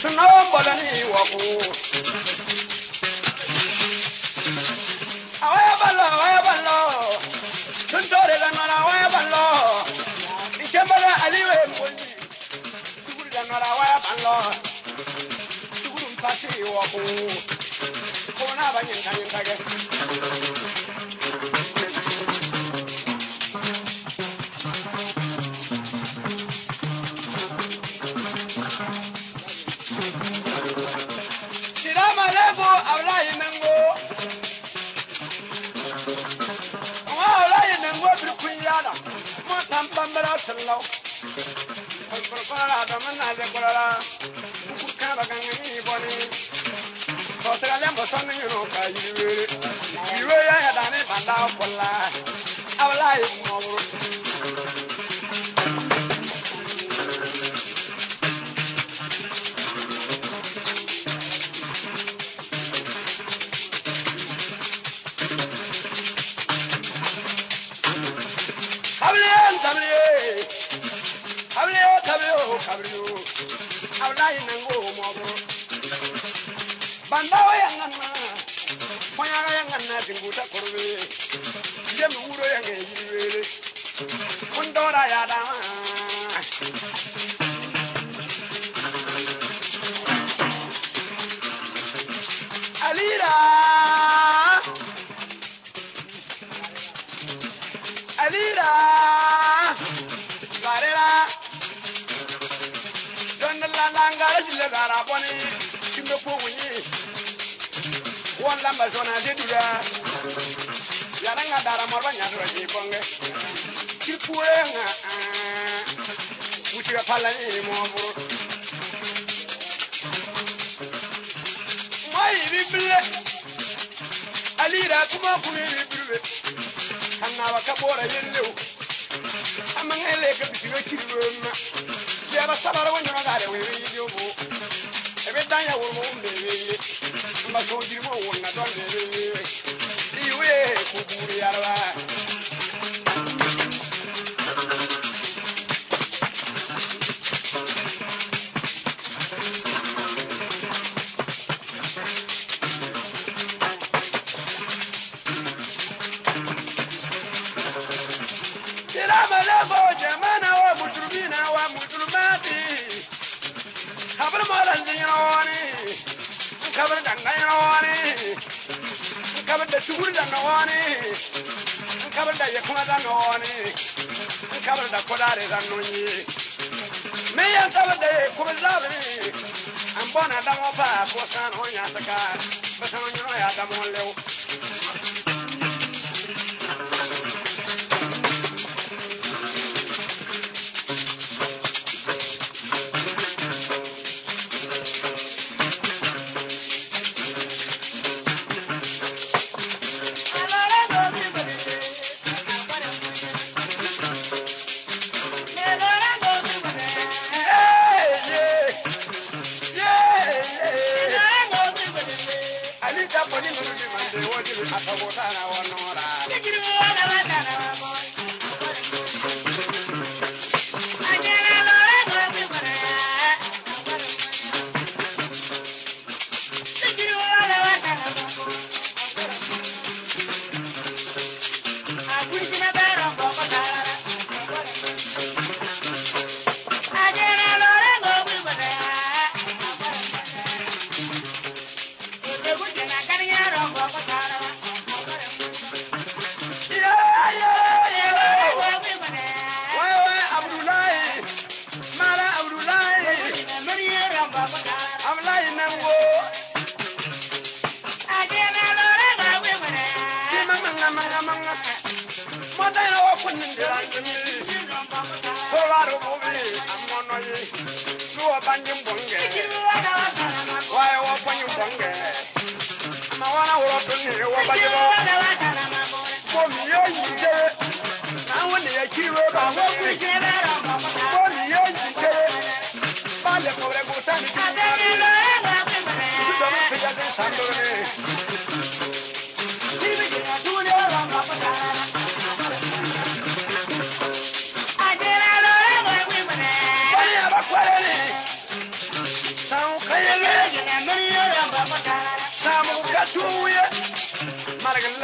sunawo bɔlɔ ni wɔku. awɔya balɔ awɔya balɔ tuntɔre la nɔra awɔya balɔ ìjɛnbala aliyu ye mɔni tuguri la nɔra awɔya balɔ tuguri nfa ti wɔku kɔnɔ sallau kulkurkora da manna da gurara kuka ba gangani boni to sira le mo son ni ro ka yiwe yiwe ya ya da ne banda kolla awla yi mo k a b i y o a w l a i nango m o b o bandawo yanganna foyaga yanganna dinguta korbe j e m u r o yange y i w e r e kun dora y a d a alira alira le gara bɔni ti me ko wunyi wɔn lamba zɔna de dura yàrá ŋa dara mɔlba nya sɔrɔ yi bɔngɛ ti kure ŋa wutigɛ pala yi mɔ buru mɔ yi bi bile alira kuma kuni bi birbe annaba ka bora yellew amma ŋa ele ka bitigɛ kiri wo ma lɛba sabara wo nyɔnɔ gaare wo yi bi wo danya wuro mo mbeweye mbasonjiri mo wonna don mbeweye iwe kuburi yarwa maranjiyawani kabar dangayawani kabar da tugur dangawani kabar da yakuma dangawani kabar da kodare zannoyi me yan kabar da damo ba banyin bonge waye wa banyin bonge na wana wuro tunne wa bajiro ko mi yo yije na wani ya kiro ba ho mi ko mi yo yije ba le ko re go san ni ko mi yo yije ba le ko re go san ni ko mi yo yije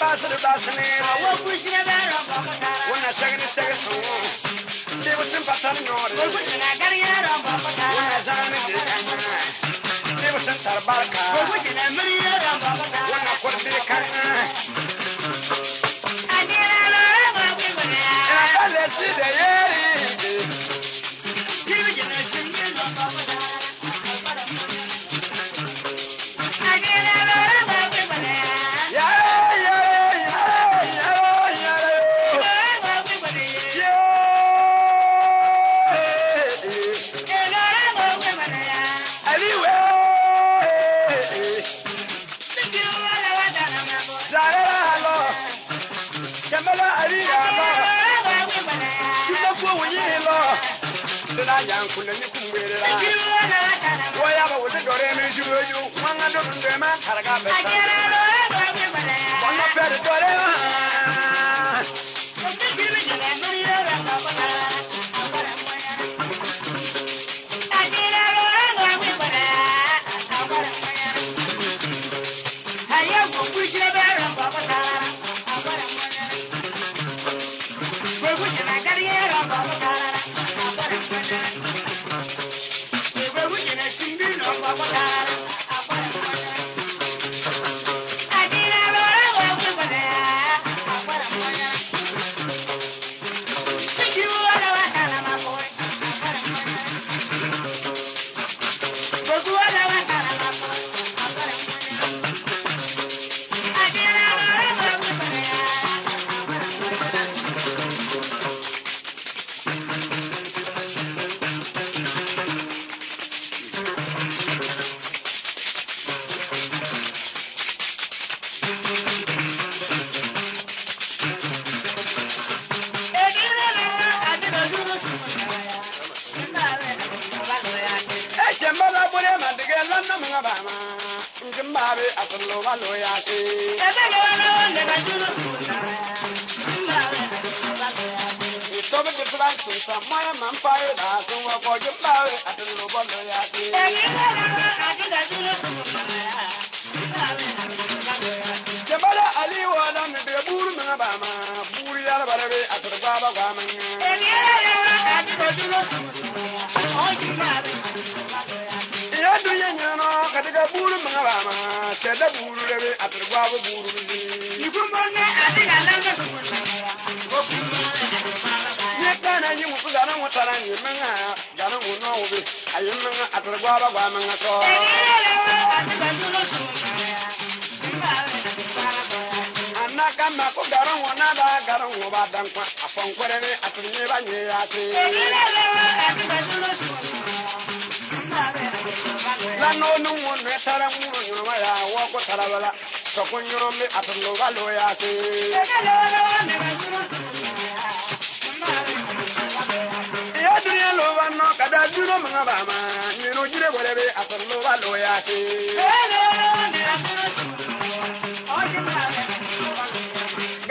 ಬಾಸರು ಬಾಸನೆ ಉನ್ನ ಸಗಣ ಸಗಸು ದೇವಸ್ವಂ ಪಸರು ನೋಡಿ ಉನ್ನ ಸಗಣ ದೇವಸ್ವಂ ತರಬಾರಕ 你呀，今儿过五一了，是那阳光暖的滚热的。我呀，把我的脚儿没洗好，就往那土里迈，阿拉干杯噻。nga ba ma nke mba be a sɔrɔlɔ ba lɔ ya se. ɛsɛ kɛra lɔ nɛgɛjuru la mba bɛ a sɔrɔlɔ ba lɔ ya se. ìtọ́bi ti fila sèta mọ́yà máa ń parí la tó wọ́n kọ́ ju fila be a sɔrɔlɔ ba lɔ ya se. ẹ̀yin kẹ́lá a ti dàjúlò sọ̀rọ̀ ya mba bɛ a sɔrɔlɔ ba lɔ ya se. jabala ali wa na mi bɛ buuru mi nga ba ma buuru yàrá ba de bɛ a sɔrɔ ba ba gba mi. ẹ̀yin kẹ́lá a ti dàjúlò sọ̀rọ̀ ya mba bɛ a sɔrɔlɔ ba lɔ ya se adiga buuru maŋa baa ma tɛ da buuru de be a tere gbaabo buuru bi ni. yikunbɔ ne adiga langa dugu na ko kuma ne kana yi ŋun zana ŋun tara ni maŋa zana ŋun nɔ wo be a yi maŋa a tere gbaaba gbaa maŋa sɔ. na kama ko garan wo na ba garan wo ba dan a fɔn kɔrɛ ne a tun ye ba nye ya se lano nun won ne tara muro yurma ya wa ko tarabala to kun yuro mi atun no galo ya se ya duniya lo ban no kada duro manga ba ma ni no jire bole be atun no galo ya se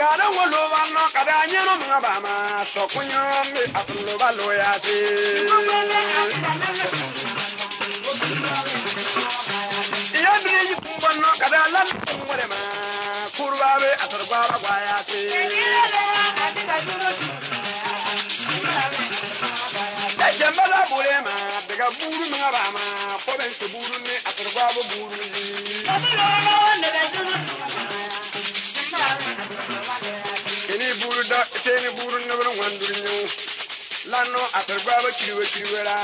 galo wo lo ban no kada nyano manga ba ma to kun yuro mi atun no galo ya se iya bini yi kun banno kada lan kun wale ma kurba be asar gwara gwaya ce da jambala bure ma daga buru ma ba ma ko ben su buru ne asar gwaba buru ne ini buru da ite ni buru ne bin wandurin yau lanno asar gwaba kiriwe kiriwe la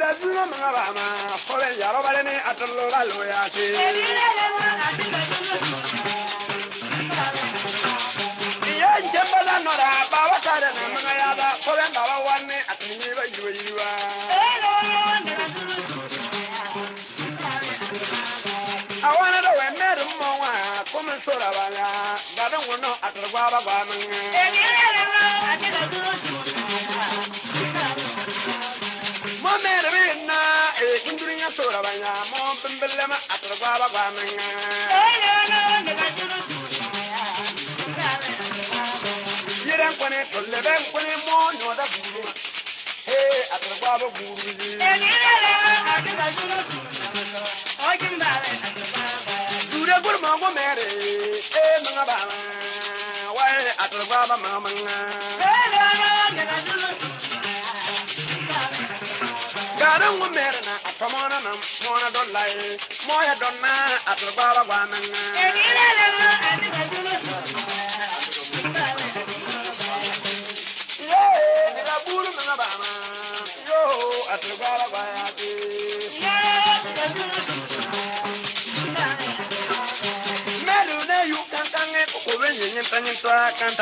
da duma manga ba ma ko be yaro bale ni atullo la lo ya ti ya je bala no ba wa ka da na manga ya ba ko ba wa wanne ba yiwa yiwa awana we meru mo wa ko so ra ba ga da wono ba ba mo mermi na e kundurinya sora banya mo pimbele ma atrwa ba ba menga eyo no ne ga juru yiran kone tolle ben kone mo nyoda buru he atrwa ba buru ni e ni la ga ga juru o jin ba le atrwa ba dure gur ma mo mere e menga ba wa atrwa ba ma menga eyo no yaran wo mere na atomona na mona don lai moya don na atorba gwa na edile le mo yo ni la buru yo atorba ba gwa ya ti melu ne yu kan kan e ko wenye nyen tanyen twa kan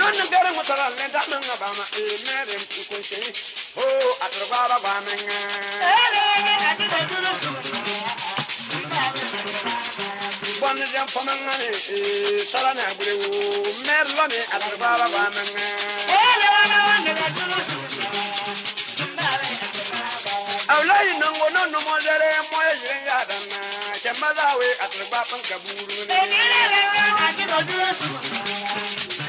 nan nan dere ngutara le da nan ga bama e eh, mere mtu ko sheni ho atro ba ba ba men ele ne ati da juru bon jam faman ne e eh, sala na gure wo mer lo ne atro ba ba ba men ele wa na wa ne da juru awlai nan go non mo dere mo e jinga dan na ke mazawe atro ba pan kaburu ne ele ne ati da juru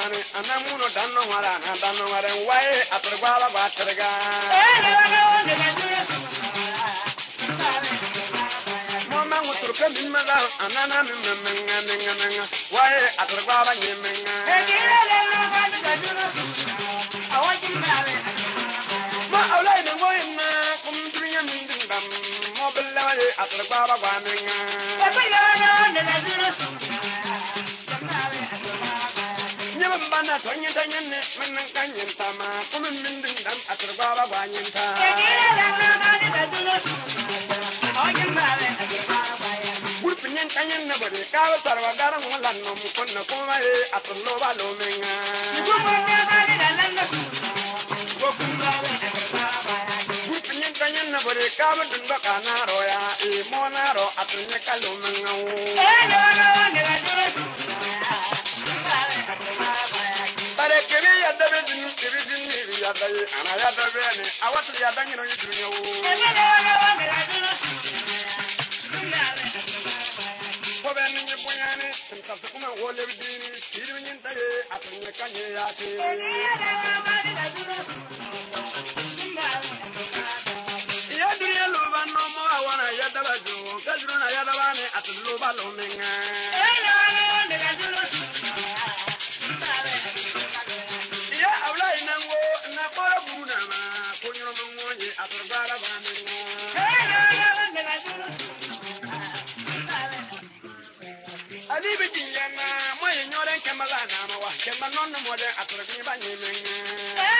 gane ana muno danno wara na danno wara waye atrgwala ba trga ele wana wonde mama ngutur kan bin mala anana min min min min waye atrgwala nyi min ele ele wanda gajura awajin mala ma aulai ne ngoyin na kum dunya min din bam mo bella waye atrgwala gwa min ele wanda gajura na tonyin tanyin ne min nan kan yin ta ma kumin min din dan a turba ba gwanyin ta gurfin yin tanyin na bari kawo sarwa garan wallan na mukun na kuma ye a tullo ba lomin ha gurfin yin tanyin na bari kawo dun baka na roya e mo na ro a tunne kalumin ha wo Ebe ya dabe dinu iri dinu iri ya daye ana ya dabe ne awatu ya danyi no yidru ne wo. Ebe ne ya ne wa ne ya dinu. Kobe ni ni bunya ne timsa su kuma wo le dinu iri nyin daye atunya kanye ya te. Ebe ya ne wa ba ne ya dinu. Ya dinu ya lo ba no mo awana ya daba jo kajuru na ya daba ne atulu ba lo menga. Mori biti yana, mo ignore kemala na mo wa, kemala no mo de atorbi ba ni menga.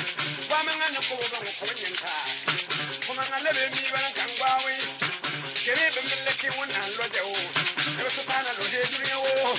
kubo don ko nyanka kuma ngale be mi ban kan gwawe kere be min leke wannan loje wo kere su bana loje duniya wo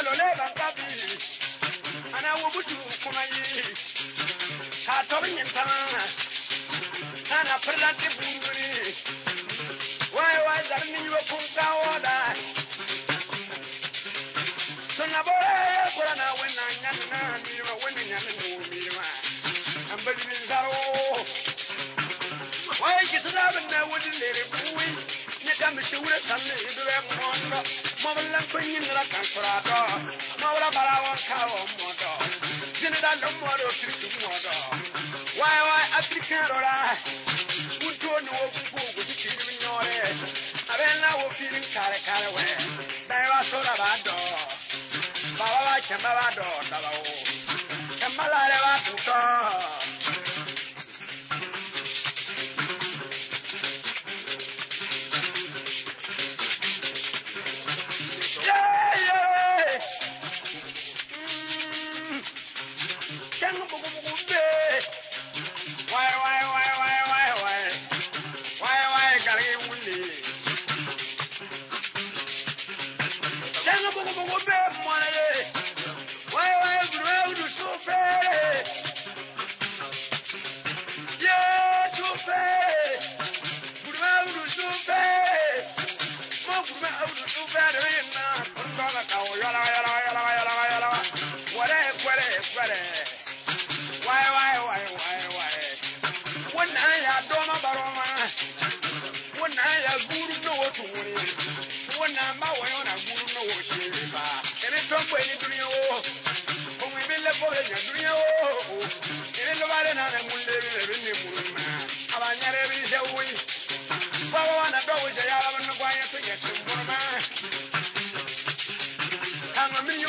elo le bantabi ana wo butu kuma yi ka tobi nyin tan kana perla te bunguri wai wai zarni yo kun ka woda sunna bore kura na wenna nyan na mi wa wenna nyan ni wo mi ma ambali ni zaro wai kisra bin na wudin lere buwi ga mi shi wure san ne idu e mo ndo mo wala ko yin ra kan sura do mo wala bara wa ka wo mo do jin da lo mo do tri tu mo do wai wai african rora un to ni wo ku ku ti ti mi nyore aben la wo fi ni kare kare we dai wa so da ba do baba wa chamba ba do da ba wo chamba la re wa tu ko veteran na sọ̀rọ̀ kan o yọlọ yọlọ yọlọ yọlọ yọlọ wẹrẹ wẹrẹ wẹrẹ wáyé wáyé wáyé wáyé wáyé wọn nàn yà dọ́mọ bàrọ ma wọn nàn yà gúrú ní o tún wọlé wọn nàn bá wọn yọ na gúrú ní o ṣe é bá ẹni tó ń pè ní dúnyẹ o òun ìbí lẹ́kọ̀ọ́ rẹ̀ yàn dúnyẹ o ìbí lọ́ba rẹ̀ nà rẹ̀ mú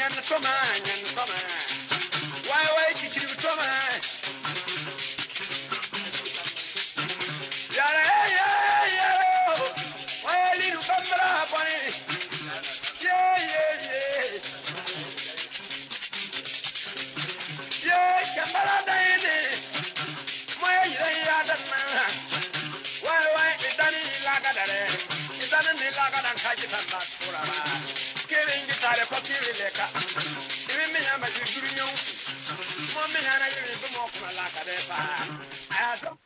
and the trauma and the trauma. Why you trauma? Yara yara yara. Why little camera funny? Yeah yeah yeah. Yeah camera Why why yiri lɛka ibi mi hɛn ba ti duru nyɛ wusu mo mi la ka bɛ paa a y'a dɔn.